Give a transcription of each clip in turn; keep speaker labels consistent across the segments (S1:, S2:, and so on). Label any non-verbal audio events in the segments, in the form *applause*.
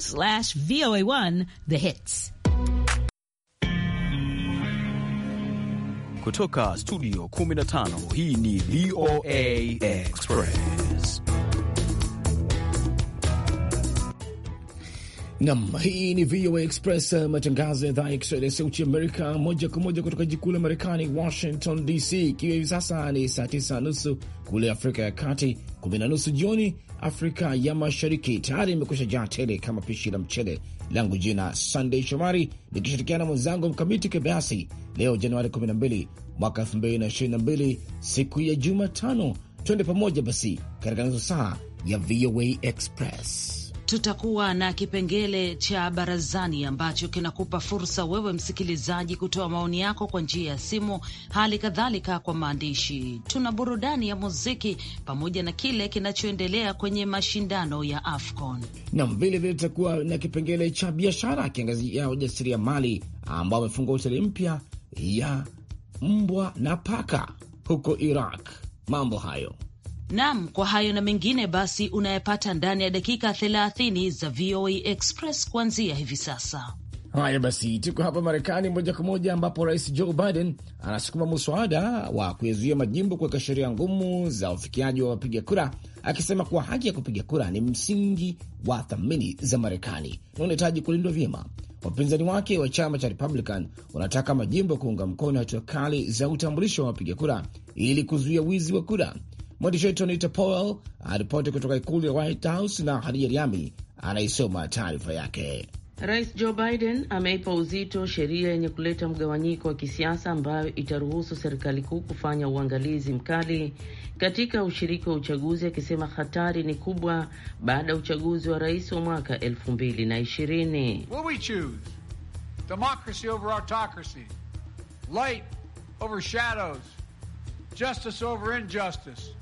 S1: slash VOA1 The Hits.
S2: Kutoka studio 15 hii ni VOA Express.
S3: Nam, hii ni VOA Express, eh, matangazo ya idhaa ya Kiswahili ya Sauti Amerika, moja kwa moja kutoka jikula la Marekani, Washington DC, ikiwa hivi sasa ni saa tisa nusu kule Afrika ya Kati, kumi na nusu jioni Afrika ya Mashariki tayari imekwisha jaa tele kama pishi la mchele langu. Jina Sandey Shomari nikishirikiana mwenzangu Mkamiti Kibayasi. Leo Januari 12 mwaka 2022, siku ya Jumatano. Twende pamoja basi katika nusu saa ya VOA Express
S1: tutakuwa na kipengele cha barazani ambacho kinakupa fursa wewe msikilizaji kutoa maoni yako kwa njia ya simu, hali kadhalika kwa maandishi. Tuna burudani ya muziki pamoja na kile kinachoendelea kwenye mashindano ya AFCON.
S3: Nam vilevile tutakuwa na kipengele cha biashara akiangazia ujasiriamali ambao amefungua hoteli mpya ya mbwa na paka huko Iraq. Mambo hayo
S1: Nam, kwa hayo na mengine basi unayapata ndani ya dakika 30 za VOA Express kuanzia hivi sasa.
S3: Haya basi, tuko hapa Marekani moja kwa moja, ambapo Rais Joe Biden anasukuma muswada wa kuyazuia majimbo kuweka sheria ngumu za ufikiaji wa wapiga kura, akisema kuwa haki ya kupiga kura ni msingi wa thamani za Marekani na unahitaji kulindwa vyema. Wapinzani wake wa chama cha Republican wanataka majimbo kuunga mkono hatua kali za utambulisho wa wapiga kura ili kuzuia wizi wa kura Mwandishi wetu Anita Powell aripoti kutoka ikulu ya White House na Hadija Riami anaisoma taarifa yake.
S4: Rais Joe Biden ameipa uzito sheria yenye kuleta mgawanyiko wa kisiasa ambayo itaruhusu serikali kuu kufanya uangalizi mkali katika ushiriki wa uchaguzi, akisema hatari ni kubwa baada ya uchaguzi wa rais wa mwaka 2020.
S5: Will we choose democracy over autocracy, light over shadows, justice over injustice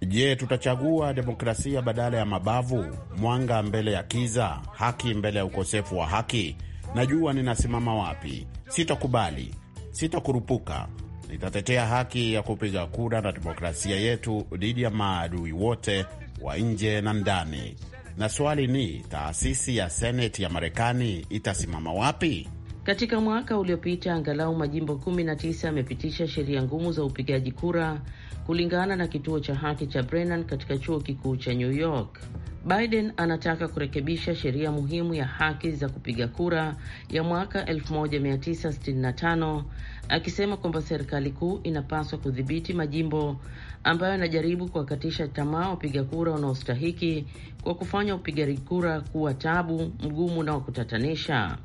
S5: Je, tutachagua demokrasia badala ya mabavu, mwanga mbele ya kiza, haki mbele ya ukosefu wa haki? Najua ninasimama wapi. Sitakubali, sitakurupuka. Nitatetea haki ya kupiga kura na demokrasia yetu dhidi ya maadui wote wa nje na ndani. Na swali ni taasisi ya seneti ya Marekani itasimama wapi?
S4: Katika mwaka uliopita angalau majimbo 19 yamepitisha sheria ngumu za upigaji kura, kulingana na kituo cha haki cha Brennan katika chuo kikuu cha New York. Biden anataka kurekebisha sheria muhimu ya haki za kupiga kura ya mwaka 1965 akisema kwamba serikali kuu inapaswa kudhibiti majimbo ambayo yanajaribu kuwakatisha tamaa wapiga kura wanaostahiki kwa kufanya upigaji kura kuwa tabu, mgumu na wa kutatanisha.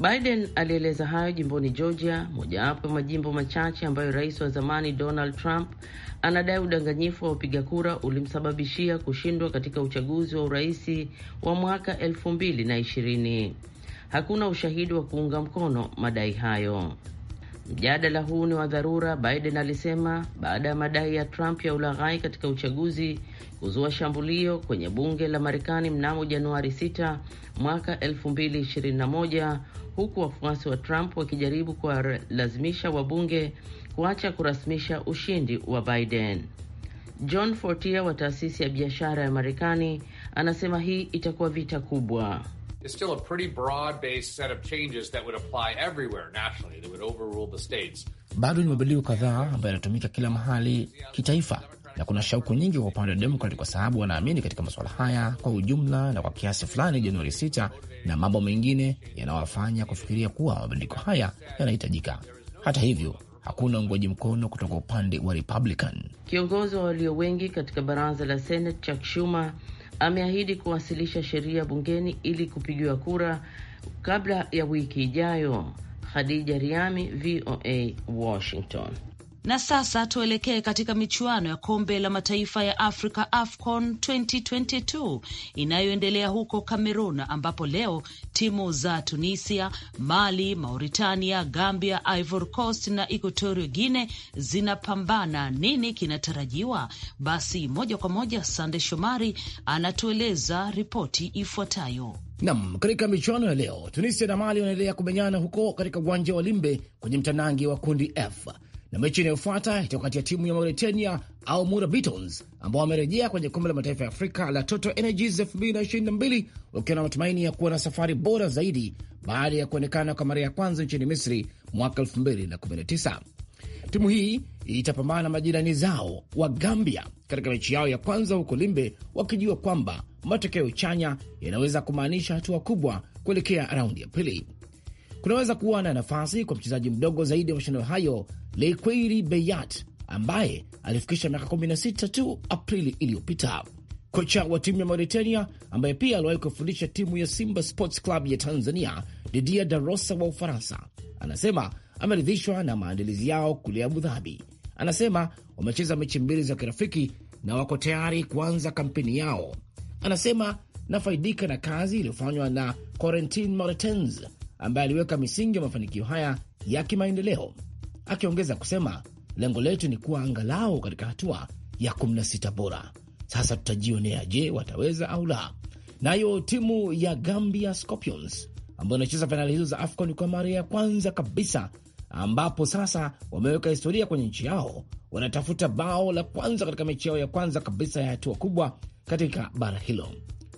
S4: Biden alieleza hayo jimboni Georgia, mojawapo ya majimbo machache ambayo rais wa zamani Donald Trump anadai udanganyifu wa wapiga kura ulimsababishia kushindwa katika uchaguzi wa uraisi wa mwaka elfu mbili na ishirini. Hakuna ushahidi wa kuunga mkono madai hayo. Mjadala huu ni wa dharura, Biden alisema baada ya madai ya Trump ya ulaghai katika uchaguzi kuzua shambulio kwenye bunge la Marekani mnamo Januari 6 mwaka 2021 huku wafuasi wa Trump wakijaribu kuwalazimisha wabunge kuacha kurasmisha ushindi wa Biden. John Fortier wa taasisi ya biashara ya Marekani anasema hii itakuwa vita kubwa
S5: is still a pretty broad based set of changes that would
S1: apply everywhere nationally that would overrule the states.
S3: Bado ni mabadiliko kadhaa ambayo yanatumika kila mahali kitaifa, na kuna shauku nyingi kwa upande wa Demokrati kwa sababu wanaamini katika masuala haya kwa ujumla, na kwa kiasi fulani Januari 6 na mambo mengine yanawafanya kufikiria kuwa mabadiliko haya yanahitajika. Hata hivyo hakuna uungwaji mkono kutoka upande wa Republican.
S4: Kiongozi wa walio wengi katika baraza la Senate Chuck Schumer ameahidi kuwasilisha sheria bungeni ili kupigiwa kura kabla ya wiki ijayo. Khadija Riami, VOA, Washington.
S1: Na sasa tuelekee katika michuano ya kombe la mataifa ya Afrika AFCON 2022 inayoendelea huko Cameroon, ambapo leo timu za Tunisia, Mali, Mauritania, Gambia, Ivory Coast na Equatorial Guinea zinapambana. Nini kinatarajiwa? Basi moja kwa moja, Sande Shomari anatueleza ripoti ifuatayo.
S3: Nam, katika michuano ya leo Tunisia na Mali wanaendelea kumenyana huko katika uwanja wa Limbe kwenye mtandangi wa kundi F na mechi inayofuata itakuwa kati ya timu ya Mauritania au Mura Beetles ambao wamerejea kwenye kombe la mataifa ya Afrika la Total Energies 2022 wakiwa na matumaini ya kuwa na safari bora zaidi baada ya kuonekana kwa mara ya kwanza nchini Misri mwaka 219 Timu hii itapambana na majirani zao wa Gambia katika mechi yao ya kwanza huko Limbe, wakijua kwamba matokeo chanya yanaweza kumaanisha hatua kubwa kuelekea raundi ya pili. Kunaweza kuwa na nafasi kwa mchezaji mdogo zaidi wa mashindano hayo Lekweiri Beyat ambaye alifikisha miaka 16 tu Aprili iliyopita. Kocha wa timu ya Mauritania ambaye pia aliwahi kufundisha timu ya Simba Sports Club ya Tanzania, Didier Darosa wa Ufaransa, anasema ameridhishwa na maandalizi yao kule Abu Dhabi. Anasema wamecheza mechi mbili za kirafiki na wako tayari kuanza kampeni yao. Anasema nafaidika na kazi iliyofanywa na Corentin Martens ambaye aliweka misingi ya mafanikio haya ya kimaendeleo akiongeza kusema lengo letu ni kuwa angalau katika hatua ya 16 bora. Sasa tutajionea, je, wataweza au la. Nayo timu ya Gambia Scorpions ambayo inacheza fainali hizo za AFCON kwa mara ya kwanza kabisa, ambapo sasa wameweka historia kwenye nchi yao, wanatafuta bao la kwanza katika mechi yao ya kwanza kabisa ya hatua kubwa katika bara hilo.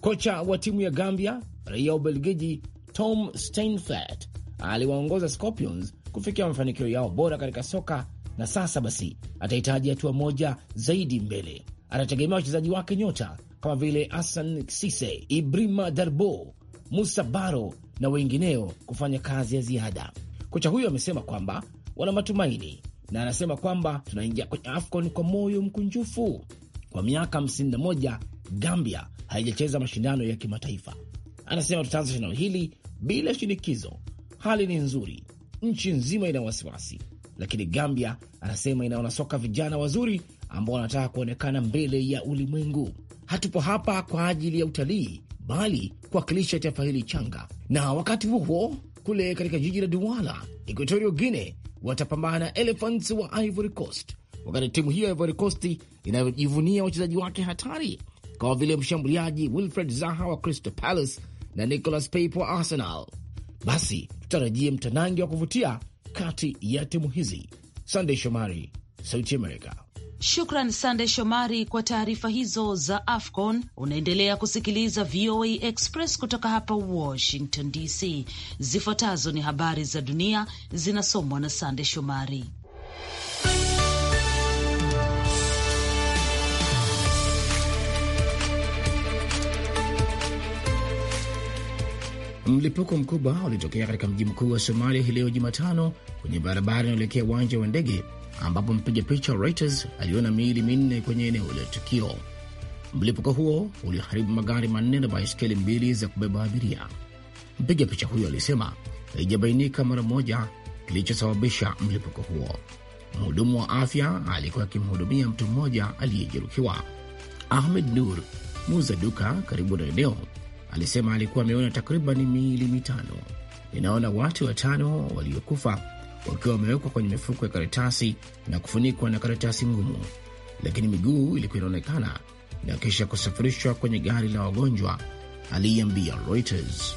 S3: Kocha wa timu ya Gambia, raia wa Ubelgiji, Tom Steinfert aliwaongoza Scorpions kufikia mafanikio yao bora katika soka, na sasa basi atahitaji hatua moja zaidi mbele. Anategemea wachezaji wake nyota kama vile Asan Sise, Ibrima Darbo, Musa Baro na wengineo kufanya kazi ya ziada. Kocha huyo amesema kwamba wana matumaini na anasema kwamba tunaingia kwenye AFCON kwa moyo mkunjufu. Kwa miaka 51 Gambia haijacheza mashindano ya kimataifa. Anasema tutaanza shindano hili bila shinikizo. Hali ni nzuri, nchi nzima ina wasiwasi, lakini Gambia anasema ina wanasoka vijana wazuri ambao wanataka kuonekana mbele ya ulimwengu. Hatupo hapa kwa ajili ya utalii, bali kuwakilisha taifa hili changa. Na wakati huo huo kule katika jiji la Duwala, Equatorio Guine watapambana na Elephants wa Ivory Coast, wakati timu hiyo ya Ivory Coast inayojivunia wachezaji wake hatari kama vile mshambuliaji Wilfred Zaha wa Crystal Palace na Nicolas Paype wa Arsenal. Basi tutarajie mtanangi wa kuvutia kati ya timu hizi. Sandey Shomari, Sauti Amerika.
S1: Shukran Sande Shomari kwa taarifa hizo za AFCON. Unaendelea kusikiliza VOA Express kutoka hapa Washington DC. Zifuatazo ni habari za dunia zinasomwa na Sande Shomari.
S3: Mlipuko mkubwa ulitokea katika mji mkuu wa Somalia hii leo Jumatano kwenye barabara inaelekea uwanja wa ndege ambapo mpiga picha Reuters aliona miili minne kwenye eneo la tukio. Mlipuko huo uliharibu magari manne na baiskeli mbili za kubeba abiria. Mpiga picha huyo alisema haijabainika mara moja kilichosababisha mlipuko huo. Mhudumu wa afya alikuwa akimhudumia mtu mmoja aliyejeruhiwa. Ahmed Nur, muuza duka karibu na eneo alisema alikuwa ameona takriban miili mitano inaona watu watano waliokufa wakiwa wamewekwa kwenye mifuko ya karatasi na kufunikwa na karatasi ngumu, lakini miguu ilikuwa inaonekana na kisha kusafirishwa kwenye gari la wagonjwa, aliiambia Reuters.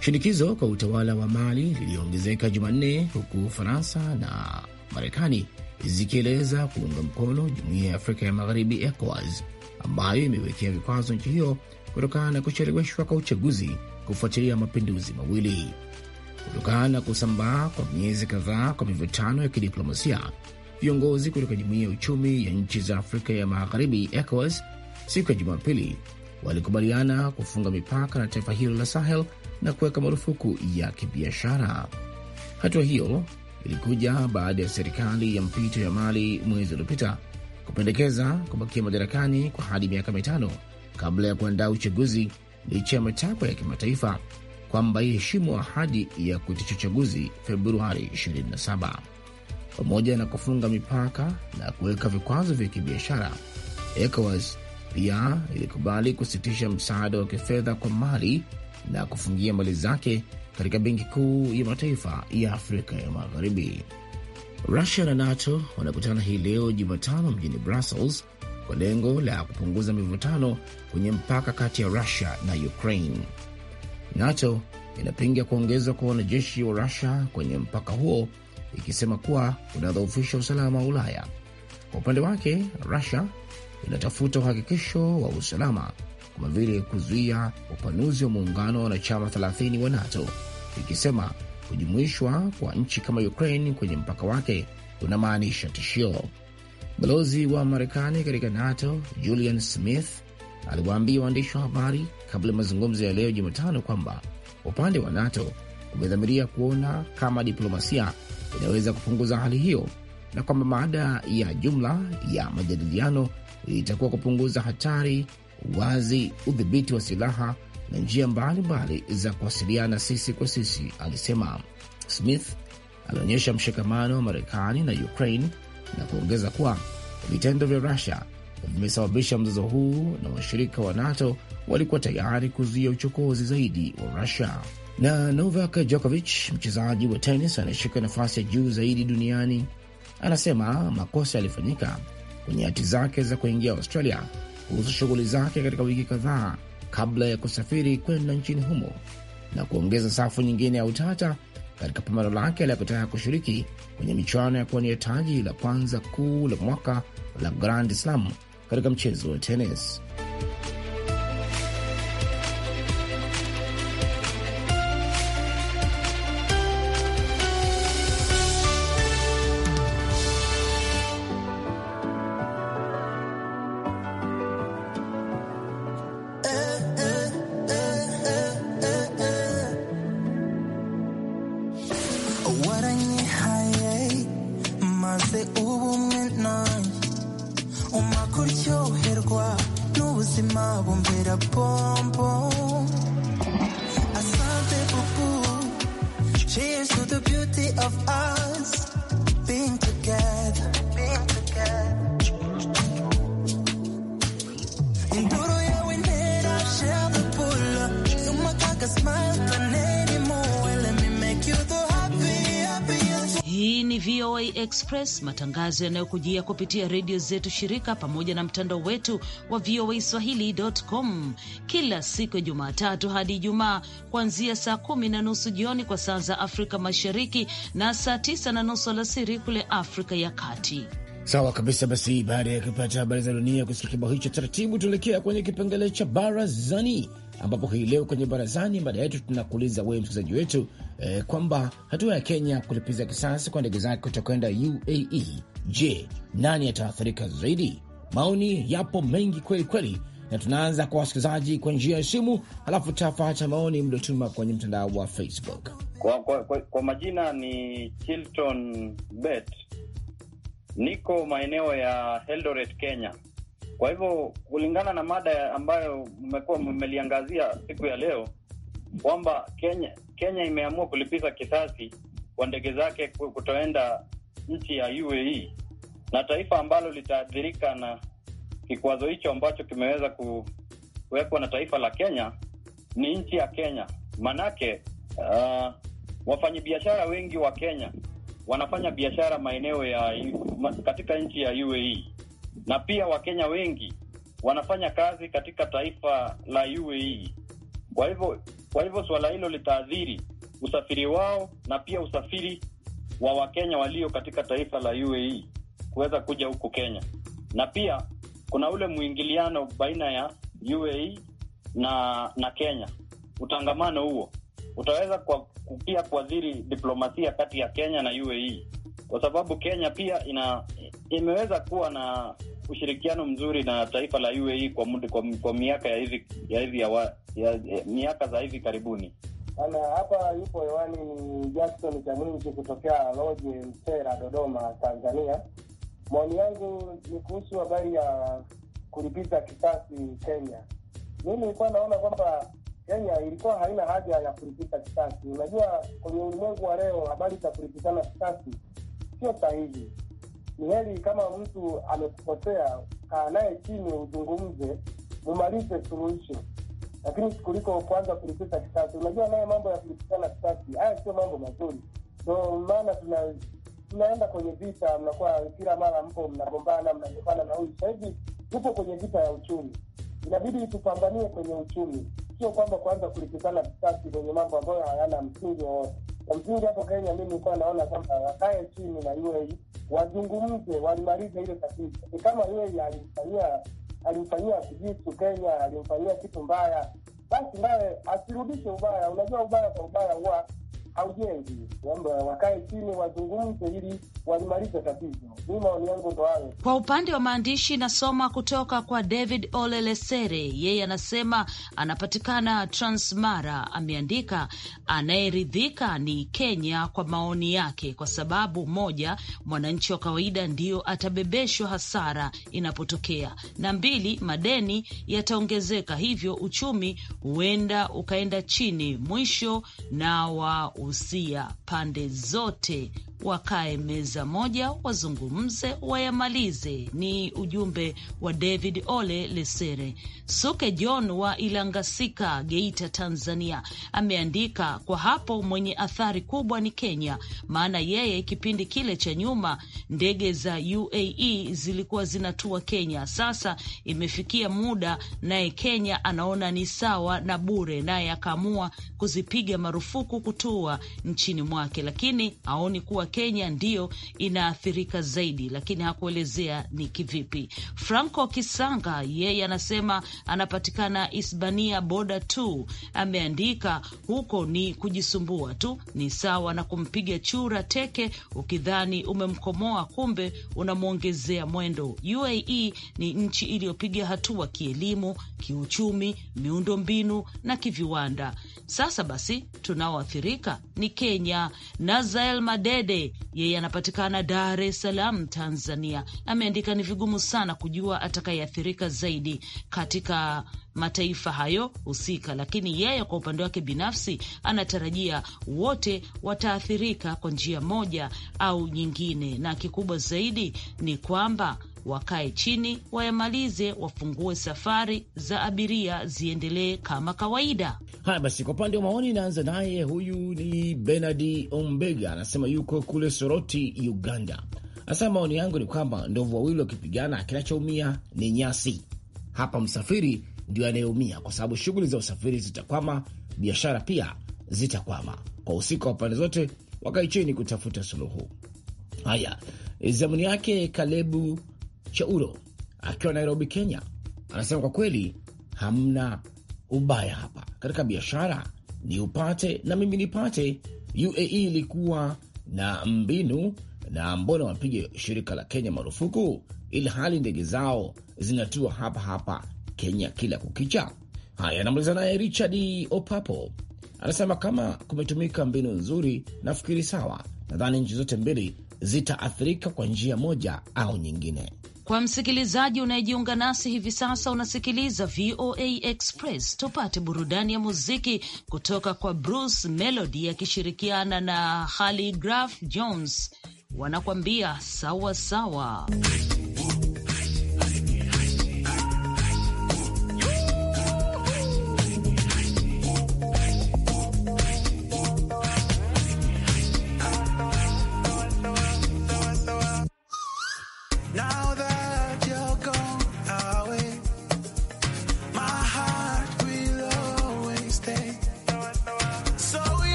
S3: Shinikizo kwa utawala wa Mali liliongezeka Jumanne, huku Ufaransa na Marekani zikieleza kuunga mkono jumuiya ya Afrika ya Magharibi, ECOWAS, ambayo imewekea vikwazo nchi hiyo kutokana na kucheleweshwa kwa uchaguzi kufuatilia mapinduzi mawili. Kutokana na kusambaa kwa miezi kadhaa kwa mivutano ya kidiplomasia, viongozi kutoka jumuiya ya uchumi ya nchi za Afrika ya Magharibi, ECOWAS, siku ya Jumapili walikubaliana kufunga mipaka na taifa hilo la Sahel na kuweka marufuku ya kibiashara. Hatua hiyo ilikuja baada ya serikali ya mpito ya Mali mwezi uliopita kupendekeza kubakia madarakani kwa hadi miaka mitano kabla ya kuandaa uchaguzi, licha ya matakwa ya kimataifa kwamba iheshimu ahadi ya kuitisha uchaguzi Februari 27. Pamoja na kufunga mipaka na kuweka vikwazo vya kibiashara, ECOWAS pia ilikubali kusitisha msaada wa kifedha kwa Mali na kufungia mali zake katika benki kuu ya mataifa ya Afrika ya Magharibi. Rusia na NATO wanakutana hii leo Jumatano mjini Brussels kwa lengo la kupunguza mivutano kwenye mpaka kati ya Rusia na Ukraine. NATO inapinga kuongezwa kwa wanajeshi wa Rusia kwenye mpaka huo, ikisema kuwa unadhoofisha usalama wa Ulaya. Kwa upande wake, Rusia inatafuta uhakikisho wa usalama kama vile kuzuia upanuzi wa muungano wa wanachama 30 wa NATO, ikisema kujumuishwa kwa nchi kama Ukraine kwenye mpaka wake kunamaanisha tishio. Balozi wa Marekani katika NATO Julian Smith aliwaambia waandishi wa habari kabla ya mazungumzo ya leo Jumatano kwamba upande wa NATO umedhamiria kuona kama diplomasia inaweza kupunguza hali hiyo na kwamba maada ya jumla ya majadiliano itakuwa kupunguza hatari, uwazi, udhibiti wa silaha na njia mbalimbali za kuwasiliana sisi kwa sisi, alisema Smith. Alionyesha mshikamano wa Marekani na Ukraine na kuongeza kuwa vitendo vya Rusia vimesababisha mzozo huu na washirika wa NATO walikuwa tayari kuzuia uchokozi zaidi wa Rusia. Na Novak Djokovic, mchezaji wa tenis anayeshika nafasi ya juu zaidi duniani, anasema makosa yalifanyika kwenye hati zake za kuingia Australia kuhusu shughuli zake katika wiki kadhaa kabla ya kusafiri kwenda nchini humo, na kuongeza safu nyingine ya utata katika pambano lake la kutaka kushiriki kwenye michuano ya kuwania taji la kwanza kuu la mwaka la Grand Slam katika mchezo wa tenis.
S1: Express, matangazo yanayokujia kupitia redio zetu shirika pamoja na mtandao wetu wa VOA Swahili.com kila siku ya Jumatatu hadi Ijumaa kuanzia saa kumi na nusu jioni kwa saa za Afrika Mashariki na saa tisa na nusu alasiri kule Afrika ya Kati.
S3: Sawa kabisa. Basi baada ya kupata habari za dunia kusikia kibao hicho, taratibu tuelekea kwenye kipengele cha barazani, ambapo hii leo kwenye barazani baada yetu tunakuuliza wewe msikilizaji wetu eh, kwamba hatua ya Kenya kulipiza kisasi kwa ndege zake kutokwenda UAE. Je, nani ataathirika zaidi? Maoni yapo mengi kweli kweli, na tunaanza kwa wasikilizaji kwa njia ya simu, halafu tutapata maoni mliotuma kwenye mtandao wa Facebook.
S2: Kwa, kwa, kwa, kwa majina ni Chilton Bet, niko maeneo ya Eldoret, Kenya. Kwa hivyo kulingana na mada ambayo mmekuwa mmeliangazia siku ya leo kwamba Kenya Kenya imeamua kulipiza kisasi kwa ndege zake kutoenda nchi ya UAE, na taifa ambalo litaathirika na kikwazo hicho ambacho kimeweza kuwekwa na taifa la Kenya ni nchi ya Kenya. Manake uh, wafanyabiashara wengi wa Kenya wanafanya biashara maeneo ya katika nchi ya UAE, na pia Wakenya wengi wanafanya kazi katika taifa la UAE. Kwa hivyo kwa hivyo suala hilo litaathiri usafiri wao na pia usafiri wa Wakenya walio katika taifa la UAE kuweza kuja huku Kenya, na pia kuna ule mwingiliano baina ya UAE na na Kenya. Utangamano huo utaweza kwa, pia kuathiri diplomasia kati ya Kenya na UAE kwa sababu Kenya pia ina imeweza kuwa na ushirikiano mzuri na taifa la UAE kwa, kwa, kwa miaka ya hivi ya hivi ya ya, ya, ya, miaka za hivi karibuni.
S6: Ana hapa yupo hewani ni Jackson Chamwinji kutokea Loje Mtera, Dodoma, Tanzania. Maoni yangu ni kuhusu habari ya kulipiza kisasi Kenya. Mimi nilikuwa naona kwamba Kenya ilikuwa haina haja ya kulipiza kisasi. Unajua, kwenye ulimwengu wa leo habari za kulipizana kisasi sio sahihi ni heli kama mtu amekupotea, kaa naye chini, uzungumze, mumalize suluhisho, lakini kuliko kuanza kulipisa kisasi. Unajua naye mambo ya kulipisana kisasi, haya sio mambo mazuri. Ndo maana tuna tunaenda kwenye vita, mnakuwa kila mara mpo mnagombana, mnagombana na huyu. Sasa hivi tupo kwenye vita ya uchumi, inabidi tupambanie kwenye uchumi, sio kwamba kuanza kulipisana visasi kwenye mambo ambayo hayana msingi wowote. Kwa msingi hapo Kenya, mi nilikuwa naona kwamba wakae chini na UAE wazungumze, walimaliza ile tatizo. Ni kama UAE alimfanyia alimfanyia kijitu Kenya, alimfanyia kitu mbaya, basi naye asirudishe ubaya. Unajua, ubaya kwa ubaya huwa ya kwamba wakae chini wazungumze ili walimalize tatizo. Ni maoni yangu ndo hayo.
S1: Kwa upande wa maandishi, nasoma kutoka kwa David olelesere yeye anasema anapatikana Transmara. Ameandika anayeridhika ni Kenya kwa maoni yake, kwa sababu moja, mwananchi wa kawaida ndiyo atabebeshwa hasara inapotokea, na mbili, madeni yataongezeka, hivyo uchumi huenda ukaenda chini mwisho na wa usia pande zote wakae meza moja, wazungumze, wayamalize. Ni ujumbe wa David Ole Lesere. Suke John wa Ilangasika, Geita, Tanzania, ameandika kwa hapo, mwenye athari kubwa ni Kenya, maana yeye kipindi kile cha nyuma ndege za UAE zilikuwa zinatua Kenya. Sasa imefikia muda naye Kenya anaona ni sawa na bure, naye akaamua kuzipiga marufuku kutua nchini mwake, lakini aoni kuwa Kenya ndiyo inaathirika zaidi, lakini hakuelezea ni kivipi. Franco Kisanga yeye anasema anapatikana Isbania boda tu, ameandika huko ni kujisumbua tu, ni sawa na kumpiga chura teke ukidhani umemkomoa, kumbe unamwongezea mwendo. UAE ni nchi iliyopiga hatua kielimu, kiuchumi, miundo mbinu na kiviwanda. Sasa basi tunaoathirika ni Kenya. Nazael Madede Mzee, yeye anapatikana Dar es Salaam, Tanzania, ameandika ni vigumu sana kujua atakayeathirika zaidi katika mataifa hayo husika, lakini yeye kwa upande wake binafsi anatarajia wote wataathirika kwa njia moja au nyingine, na kikubwa zaidi ni kwamba wakae chini, wayamalize, wafungue safari za abiria ziendelee kama kawaida.
S3: Haya basi, kwa upande wa maoni naanza naye, huyu ni Benadi Ombega, anasema yuko kule Soroti, Uganda. Anasema maoni yangu ni kwamba ndovu wawili wakipigana, kinachoumia ni nyasi. Hapa msafiri ndio anayeumia, kwa sababu shughuli za usafiri zitakwama, biashara pia zitakwama. Kwa husika wa pande zote wakae chini kutafuta suluhu. Haya, zamuni yake Kalebu Chauro akiwa Nairobi, Kenya, anasema kwa kweli hamna ubaya hapa katika biashara, ni upate na mimi nipate. UAE ilikuwa na mbinu na mbona wapige shirika la Kenya marufuku, ili hali ndege zao zinatua hapa hapa Kenya kila kukicha. Haya, anamaliza naye Richard Opapo anasema kama kumetumika mbinu nzuri, nafikiri sawa. Nadhani nchi zote mbili zitaathirika kwa njia moja au nyingine. Kwa
S1: msikilizaji unayejiunga nasi hivi sasa, unasikiliza VOA Express. Tupate burudani ya muziki kutoka kwa Bruce Melody akishirikiana na Haligraph Jones, wanakuambia sawa sawa.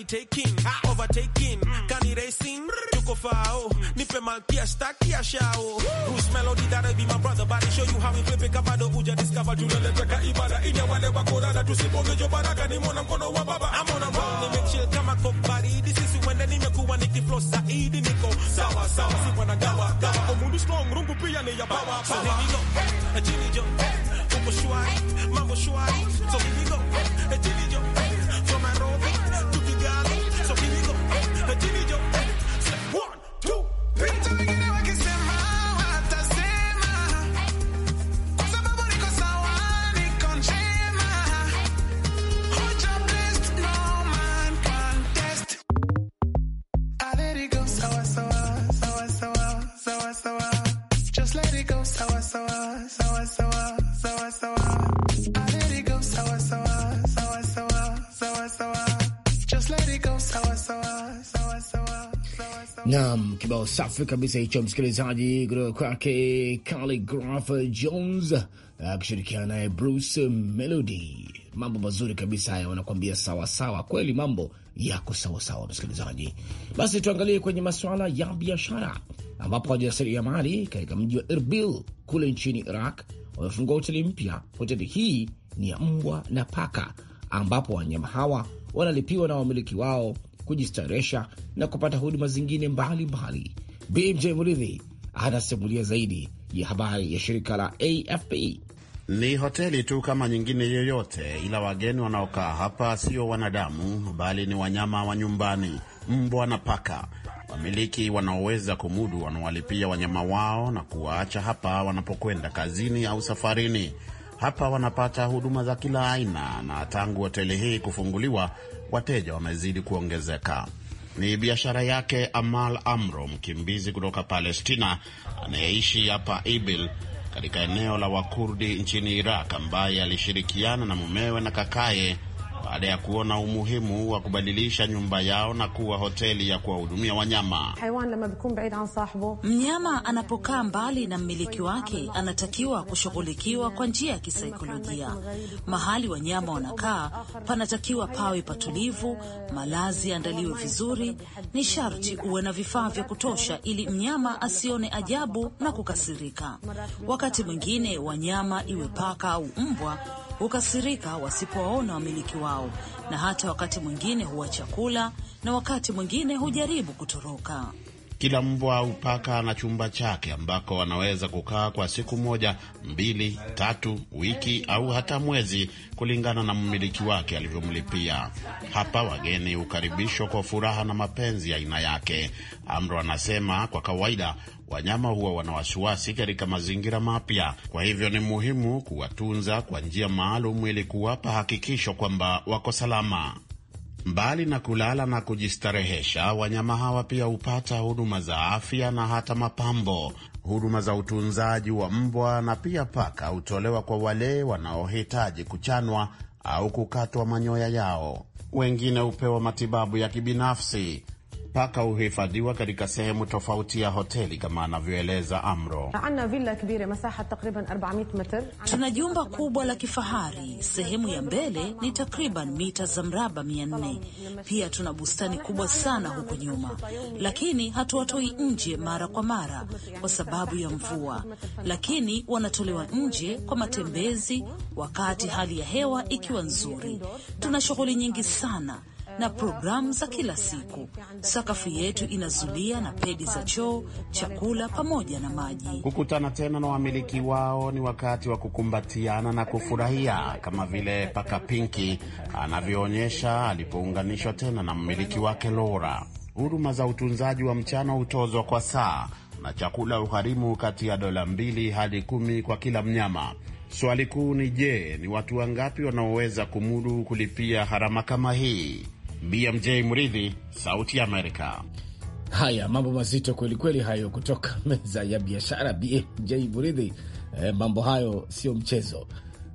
S6: body taking, overtaking, mm. can racing, yuko fao, mm. nipe malkia stakia shao. Whose melody that'll be my brother body, show you how we flip it kabado uja discover, tunaleta ka ibada, ina wale wakorada, tusiponge jo baraka, ni mona mkono wa baba, I'm on a roll, nime chill kama kobari, this is when nimekuwa nikiflow zaidi, niko sawa sawa, si wana gawa gawa, omundu strong, rungu pia ni ya bawa, so here we go, hey. chini jo, hey. uko shwari, mambo shwari, so here
S3: kibao safi kabisa hicho, msikilizaji, kutoka kwake Khaligraph Jones akishirikiana naye Bruce Melody. Mambo mazuri kabisa haya, wanakuambia sawasawa. Kweli mambo yako sawasawa, msikilizaji. Basi tuangalie kwenye masuala ya biashara, ambapo wajasiriamali katika mji wa Erbil kule nchini Iraq wamefungua hoteli mpya. Hoteli hii ni ya mbwa na paka, ambapo wanyama hawa wanalipiwa na wamiliki wao kujistarehesha na kupata huduma zingine mbalimbali. BMJ Mridhi anasimulia zaidi ya habari
S5: ya shirika la AFP. Ni hoteli tu kama nyingine yoyote, ila wageni wanaokaa hapa sio wanadamu, bali ni wanyama wa nyumbani, mbwa na paka. Wamiliki wanaoweza kumudu wanawalipia wanyama wao na kuwaacha hapa wanapokwenda kazini au safarini. Hapa wanapata huduma za kila aina, na tangu hoteli hii kufunguliwa wateja wamezidi kuongezeka. Ni biashara yake Amal Amro, mkimbizi kutoka Palestina anayeishi hapa Ibil katika eneo la Wakurdi nchini Iraq, ambaye alishirikiana na mumewe na kakaye baada ya kuona umuhimu wa kubadilisha nyumba yao na kuwa hoteli ya kuwahudumia wanyama.
S1: Mnyama anapokaa mbali na mmiliki wake, anatakiwa kushughulikiwa kwa njia ya kisaikolojia. Mahali wanyama wanakaa panatakiwa pawe patulivu, malazi andaliwe vizuri. Ni sharti uwe na vifaa vya kutosha, ili mnyama asione ajabu na kukasirika. Wakati mwingine wanyama, iwe paka au mbwa hukasirika wasipowaona wamiliki wao, na hata wakati mwingine huwa chakula na wakati mwingine hujaribu kutoroka.
S5: Kila mbwa au paka ana chumba chake ambako wanaweza kukaa kwa siku moja, mbili, tatu, wiki au hata mwezi, kulingana na mmiliki wake alivyomlipia. Hapa wageni hukaribishwa kwa furaha na mapenzi ya aina yake. Amro anasema kwa kawaida wanyama huwa wana wasiwasi katika mazingira mapya, kwa hivyo ni muhimu kuwatunza kwa njia maalum ili kuwapa hakikisho kwamba wako salama. Mbali na kulala na kujistarehesha, wanyama hawa pia hupata huduma za afya na hata mapambo. Huduma za utunzaji wa mbwa na pia paka hutolewa kwa wale wanaohitaji kuchanwa au kukatwa manyoya yao. Wengine hupewa matibabu ya kibinafsi. Paka huhifadhiwa katika sehemu tofauti ya hoteli kama anavyoeleza Amro.
S1: Tuna jumba kubwa la kifahari, sehemu ya mbele ni takriban mita za mraba mia nne. Pia tuna bustani kubwa sana huko nyuma, lakini hatuwatoi nje mara kwa mara kwa sababu ya mvua, lakini wanatolewa nje kwa matembezi wakati hali ya hewa ikiwa nzuri. Tuna shughuli nyingi sana na programu za kila siku. Sakafu yetu ina zulia na pedi za choo, chakula pamoja na maji.
S5: Kukutana tena na wamiliki wao ni wakati wa kukumbatiana na kufurahia, kama vile paka Pinki anavyoonyesha alipounganishwa tena na mmiliki wake Laura. Huduma za utunzaji wa mchana hutozwa kwa saa na chakula ugharimu kati ya dola mbili hadi kumi kwa kila mnyama. Swali kuu ni je, ni watu wangapi wanaoweza kumudu kulipia gharama kama hii? BMJ Mridhi, Sauti ya Amerika.
S3: Haya mambo mazito kwelikweli hayo kutoka *laughs* meza ya biashara. BMJ Mridhi, e, eh, mambo hayo sio mchezo.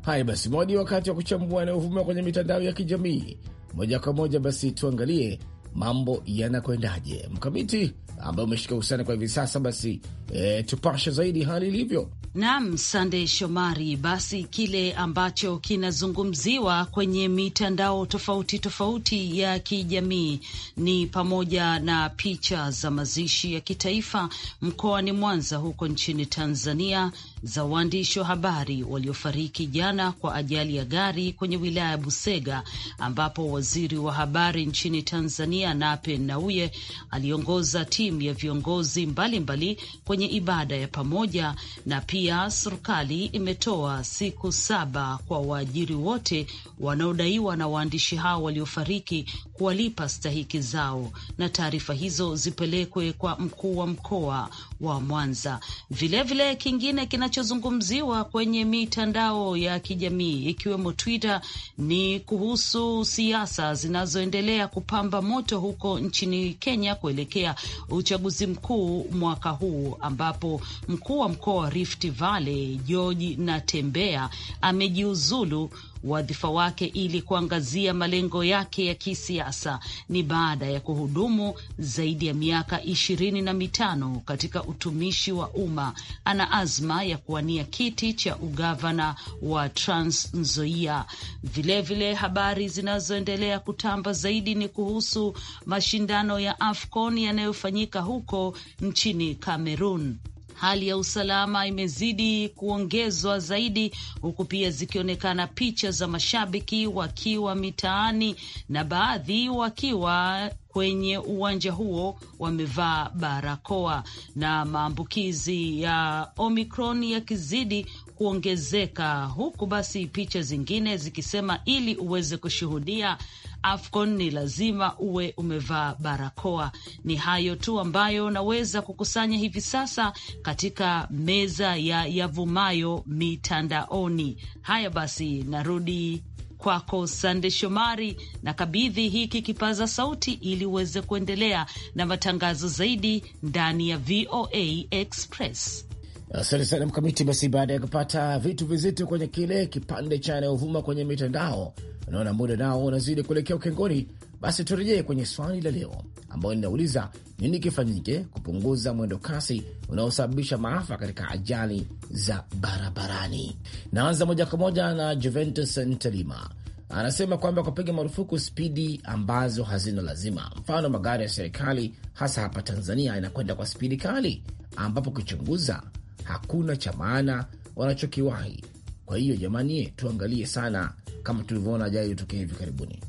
S3: Haya basi, modi wakati wa kuchambua yanayovuma kwenye mitandao ya kijamii moja kwa moja. Basi tuangalie mambo yanakwendaje, Mkamiti ambayo umeshika usana kwa hivi sasa. Basi e, tupashe zaidi hali ilivyo
S1: nam Sande Shomari, basi kile ambacho kinazungumziwa kwenye mitandao tofauti tofauti ya kijamii ni pamoja na picha za mazishi ya kitaifa mkoani Mwanza huko nchini Tanzania za waandishi wa habari waliofariki jana kwa ajali ya gari kwenye wilaya ya Busega, ambapo waziri wa habari nchini Tanzania Nape Nnauye aliongoza timu ya viongozi mbalimbali mbali kwenye ibada ya pamoja. Na pia serikali imetoa siku saba kwa waajiri wote wanaodaiwa na waandishi hao waliofariki kuwalipa stahiki zao, na taarifa hizo zipelekwe kwa mkuu wa mkoa wa Mwanza. Vilevile kingine kina kinachozungumziwa kwenye mitandao ya kijamii ikiwemo Twitter ni kuhusu siasa zinazoendelea kupamba moto huko nchini Kenya kuelekea uchaguzi mkuu mwaka huu, ambapo mkuu wa mkoa wa Rift Valley George Natembea amejiuzulu wadhifa wake ili kuangazia malengo yake ya kisiasa. Ni baada ya kuhudumu zaidi ya miaka ishirini na mitano katika utumishi wa umma. Ana azma ya kuwania kiti cha ugavana wa Trans Nzoia. Vilevile, habari zinazoendelea kutamba zaidi ni kuhusu mashindano ya AFCON yanayofanyika huko nchini Cameroon. Hali ya usalama imezidi kuongezwa zaidi, huku pia zikionekana picha za mashabiki wakiwa mitaani na baadhi wakiwa kwenye uwanja huo wamevaa barakoa. Na maambukizi ya Omicron yakizidi, kuongezeka, huku basi picha zingine zikisema ili uweze kushuhudia AFCON ni lazima uwe umevaa barakoa. Ni hayo tu ambayo naweza kukusanya hivi sasa katika meza ya yavumayo mitandaoni. Haya basi, narudi kwako Sande Shomari, na kabidhi hiki kipaza sauti ili uweze kuendelea na matangazo zaidi ndani ya VOA Express.
S3: Asante sana Mkamiti. Basi baada ya kupata vitu vizito kwenye kile kipande cha yanayovuma kwenye mitandao, unaona muda nao unazidi kuelekea ukengoni Basi turejee kwenye swali la leo ambayo linauliza nini kifanyike kupunguza mwendo kasi unaosababisha maafa katika ajali za barabarani. Naanza moja kwa moja na Juventus Ntalima, anasema kwamba kupiga marufuku spidi ambazo hazina lazima, mfano magari ya serikali hasa hapa Tanzania inakwenda kwa spidi kali, ambapo ukichunguza hakuna cha maana wanachokiwahi. Kwa hiyo jamani, tuangalie sana, kama tulivyoona ajali iliyotokea hivi karibuni.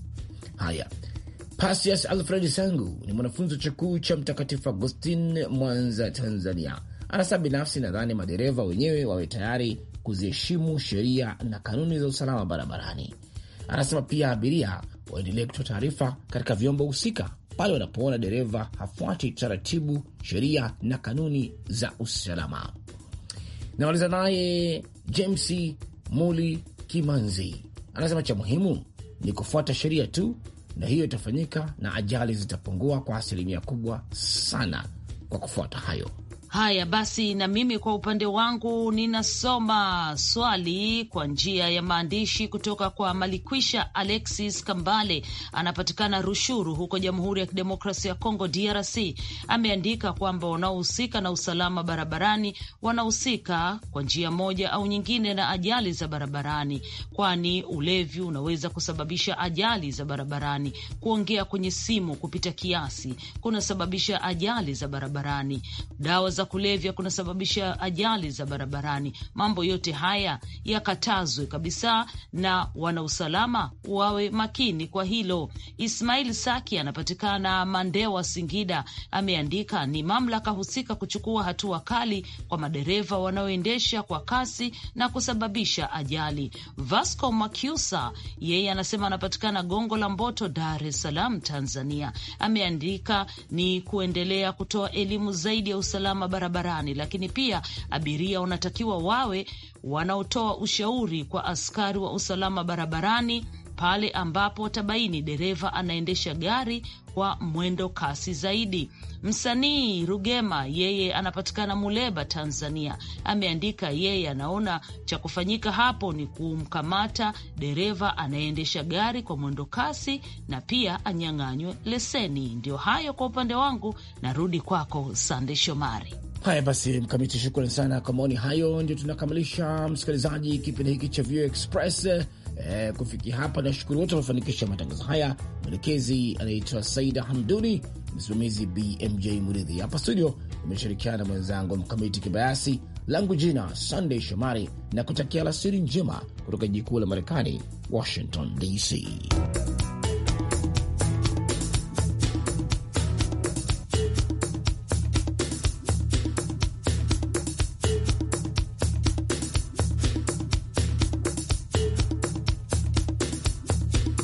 S3: Haya, Pasias Alfred Sangu ni mwanafunzi wa chikuu cha Mtakatifu agostin Mwanza, Tanzania, anasema binafsi nadhani madereva wenyewe wawe tayari kuziheshimu sheria na kanuni za usalama barabarani. Anasema pia abiria waendelee kutoa taarifa katika vyombo husika pale wanapoona dereva hafuati taratibu, sheria na kanuni za usalama. Namaliza naye James Muli Kimanzi anasema cha muhimu ni kufuata sheria tu, na hiyo itafanyika na ajali zitapungua kwa asilimia kubwa sana kwa kufuata hayo.
S1: Haya basi, na mimi kwa upande wangu ninasoma swali kwa njia ya maandishi kutoka kwa Malikwisha Alexis Kambale, anapatikana Rushuru huko Jamhuri ya Kidemokrasia ya Kongo, DRC. Ameandika kwamba wanaohusika na usalama barabarani wanahusika kwa njia moja au nyingine na ajali za barabarani, kwani ulevi unaweza kusababisha ajali za barabarani. Kuongea kwenye simu kupita kiasi kunasababisha ajali za barabarani. Dawa za kulevya kunasababisha ajali za barabarani. Mambo yote haya yakatazwe kabisa na wanausalama wawe makini kwa hilo. Ismail Saki anapatikana Mandewa, Singida, ameandika ni mamlaka husika kuchukua hatua kali kwa madereva wanaoendesha kwa kasi na kusababisha ajali. Vasco makusa yeye anasema anapatikana Gongo la Mboto, Dar es Salaam, Tanzania, ameandika ni kuendelea kutoa elimu zaidi ya usalama usalama barabarani, lakini pia abiria wanatakiwa wawe wanaotoa ushauri kwa askari wa usalama barabarani pale ambapo watabaini dereva anaendesha gari kwa mwendo kasi zaidi. Msanii Rugema yeye anapatikana Muleba, Tanzania, ameandika yeye anaona cha kufanyika hapo ni kumkamata dereva anayeendesha gari kwa mwendo kasi na pia anyang'anywe leseni. Ndio hayo kwa upande wangu,
S3: narudi kwako Sande Shomari. Haya basi, Mkamiti, shukrani sana kwa maoni hayo. Ndio tunakamilisha msikilizaji kipindi hiki cha View Express eh, kufikia hapa. Nashukuru wote wanaofanikisha matangazo haya. Mwelekezi anaitwa Saida Hamduni, msimamizi BMJ Muridhi. Hapa studio imeshirikiana na mwenzangu Mkamiti Kibayasi, langu jina Sunday Shomari, na kutakia alasiri njema kutoka jikuu la Marekani, Washington DC.